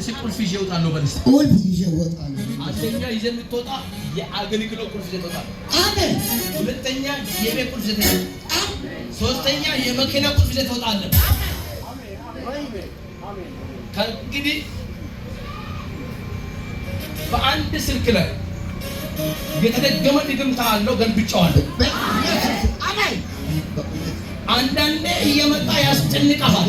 እሺ ቁልፍ ይዤ እወጣለሁ። በል ቁልፍ ይዤ እወጣለሁ። አንደኛ ይዘህ የምትወጣ የአገልግሎት ቁልፍ ይዘህ ትወጣለህ። አሜን። ሁለተኛ የቤት ቁልፍ ይዘህ ትወጣለህ። ሶስተኛ የመኪና ቁልፍ ይዘህ ትወጣለህ። ከእንግዲህ በአንድ ስልክ ላይ የተደገመ ድግምት አለው ገንብጫዋለሁ። አንዳንዴ እየመጣ ያስጨንቃል።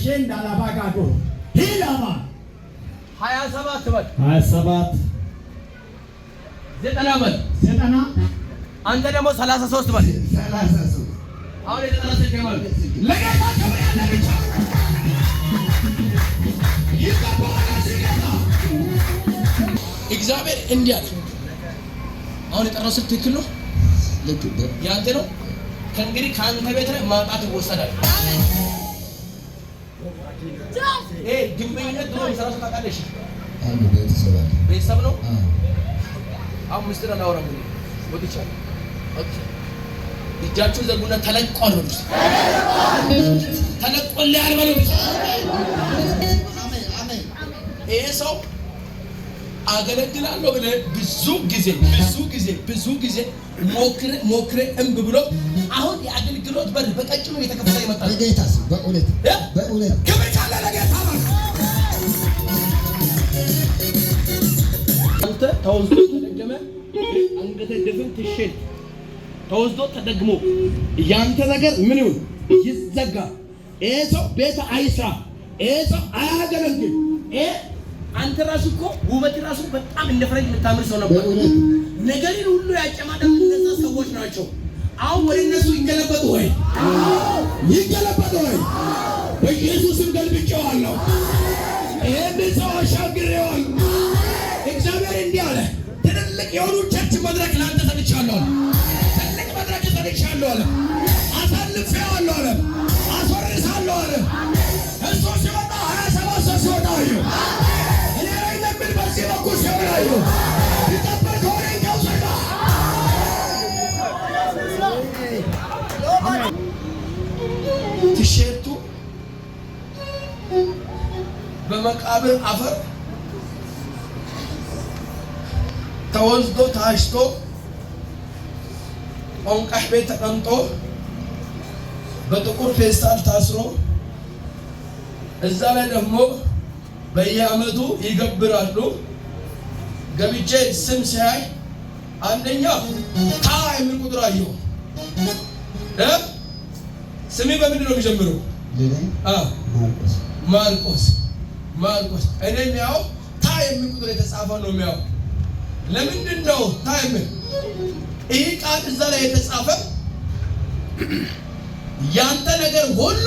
kushinda na bagago ሀያ ሰባት በል ሀያ ሰባት ዘጠና በል ዘጠና አንተ ደግሞ ሰላሳ ሦስት በል አሁን እግዚአብሔር እንዲህ አለ። አሁን የጠራው ስልክ ትክክል ነው፣ ያንተ ነው። ከእንግዲህ ከአንተ ቤት ላይ ማጣት ይወሰዳል። ይሄ ግንበኝነት ድሮ የሚሰራ አንድ ቤተሰብ አለ። ቤተሰብ ነው። አሁን ምስጢር አላወራም። ወጥቻለሁ፣ እጃችሁን ዘርጉና ተለቋል ይሄ ሰው አገለግላለሁ ብለህ ብዙ ጊዜ ብዙ ጊዜ ብዙ ጊዜ ሞክሬ ሞክሬ እምቢ ብሎ አሁን የአገልግሎት በር በቀጭኑ እየተከፈተ ይመጣል። ተወስዶ ተደገመ፣ አንገተ ድፍን ትሽል ተወስዶ ተደግሞ ያንተ ነገር ምን ይሁን ይዘጋ። ይሄ ሰው ቤት አይስራ፣ ይሄ ሰው አያገለግል። ይሄ አንተ ራሱ እኮ ውበት ራሱ በጣም እንደ ፈረጅ የምታምር ሰው ነበር። ነገርን ሁሉ ያጨማደቁ እነዛ ሰዎች ናቸው። አሁን ወደ እነሱ ይገለበጡ ወይ ይገለበጡ ወይ? በኢየሱስም ገልብጬዋለሁ። ይሄን ሰው አሻግሬዋለሁ። ትልቅ የሆኑ ቸርች መድረክ ለአንተ ሰጥቻለሁ አለ። ትልቅ መድረክ ሰጥቻለሁ አለ። አሳልፌዋለሁ አለ። አስወርሳለሁ አለ። እሱ ሲወጣ ሀያ ሰባት ሰው ሲወጣ አዩ። እኔ ላይ ለምን በዚህ በኩል ሲሆን አዩ ቲሸርቱ በመቃብር አፈር ተወልዶ ታሽቶ ቋንቋሽ ቤት ተቀምጦ በጥቁር ፌስታል ታስሮ እዛ ላይ ደግሞ በየአመቱ ይገብራሉ። ገብቼ ስም ሲያይ አንደኛ ታ የሚል ቁጥር አየሁ። ስሜ በምንድን ነው የሚጀምረው? ማርቆስ ማርቆስ። እኔ የሚያው ታ የሚል ቁጥር የተጻፈ ነው የሚያው ለምንድን ነው ታይም ይህ ቃል እዛ ላይ የተጻፈ ያንተ ነገር ሁሉ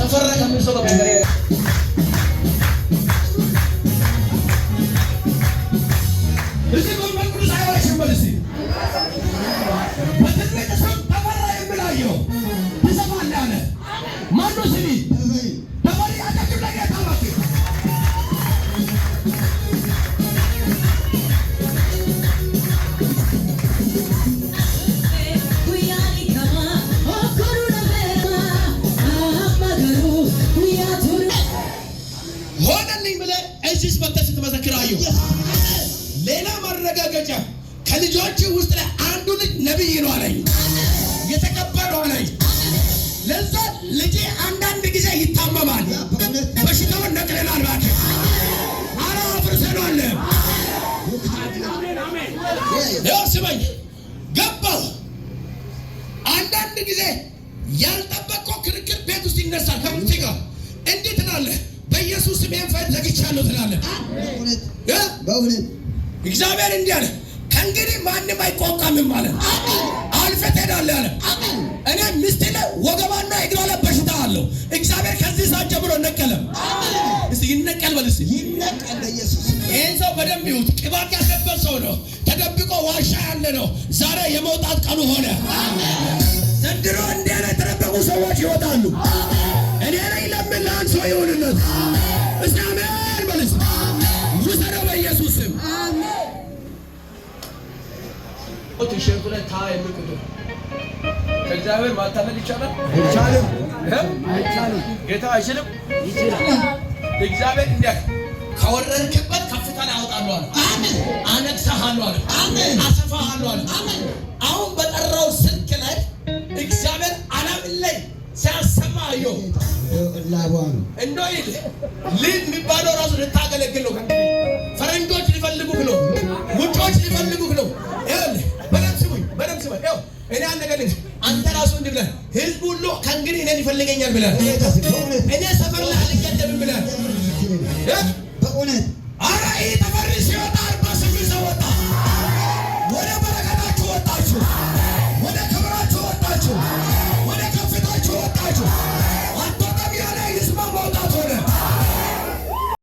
ተፈረቀ። ስትመሰክር አየሁ። ሌላ ማረጋገጫ ከልጆች ውስጥ ላይ አንዱ ልጅ ነቢይ ነው አለኝ። የተቀበለው አለኝ። ለዛ ልጄ አንዳንድ ጊዜ ይታመማል ልቤን ፈልግቻለሁ ትላለህ። በእውነት እግዚአብሔር እንዲህ አለ፣ ከእንግዲህ ማንም አይቋቋምም አለ። አልፈህ ትሄዳለህ አለ። እኔ ሚስቴ ላይ ወገባና እግሯ ላይ በሽታ አለው። እግዚአብሔር ከዚህ ሰዓት ጀምሮ ነቀለም። እስኪ ይነቀል በል እስኪ ይነቀል በኢየሱስ። ይህን ሰው በደንብ ይሁት። ቅባት ያለበት ሰው ነው። ተደብቆ ዋሻ ያለ ነው። ዛሬ የመውጣት ቀኑ ሆነ። ዘንድሮ እንዲህ የተደበቁ ሰዎች ይወጣሉ። እኔ ላይ ለምን ለአንድ ሰው ይሆንለት እግዚአብሔር በልጅ ውሰደው በኢየሱስ ስም ቲሸርቱ ላይ ታ የምቅጡ ከእግዚአብሔር ማታለል ይቻላል? አይቻልም። ጌታ አይችልም። እግዚአብሔር እንዲያ ካወረድክበት ከፍታ ላይ አወጣለሁ አለ። አሜን። አነግሳሃለሁ አለ። አሜን። አሰፋሃለሁ አለ። አሜን። አሁን በጠራው ስልክ ላይ እግዚአብሔር አላምን ላይ ሲያሳ አየሁ። ላቧ ነው እንደው የሚባለው ራሱ ልታገለግል ነው። ፈረንጆች ሊፈልጉህ ነው። ውጮች ሊፈልጉህ ነው። በደምብ ስሙኝ፣ በደምብ ስሙኝ። እኔ አንድ ነገር አንተ ራሱ እንዲህ ብለህ ህዝቡ ሁሉ ከእንግዲህ እኔን ይፈልገኛል ብለህ እኔ ሰፈር ላይ አልገደብም ብለህ በእውነት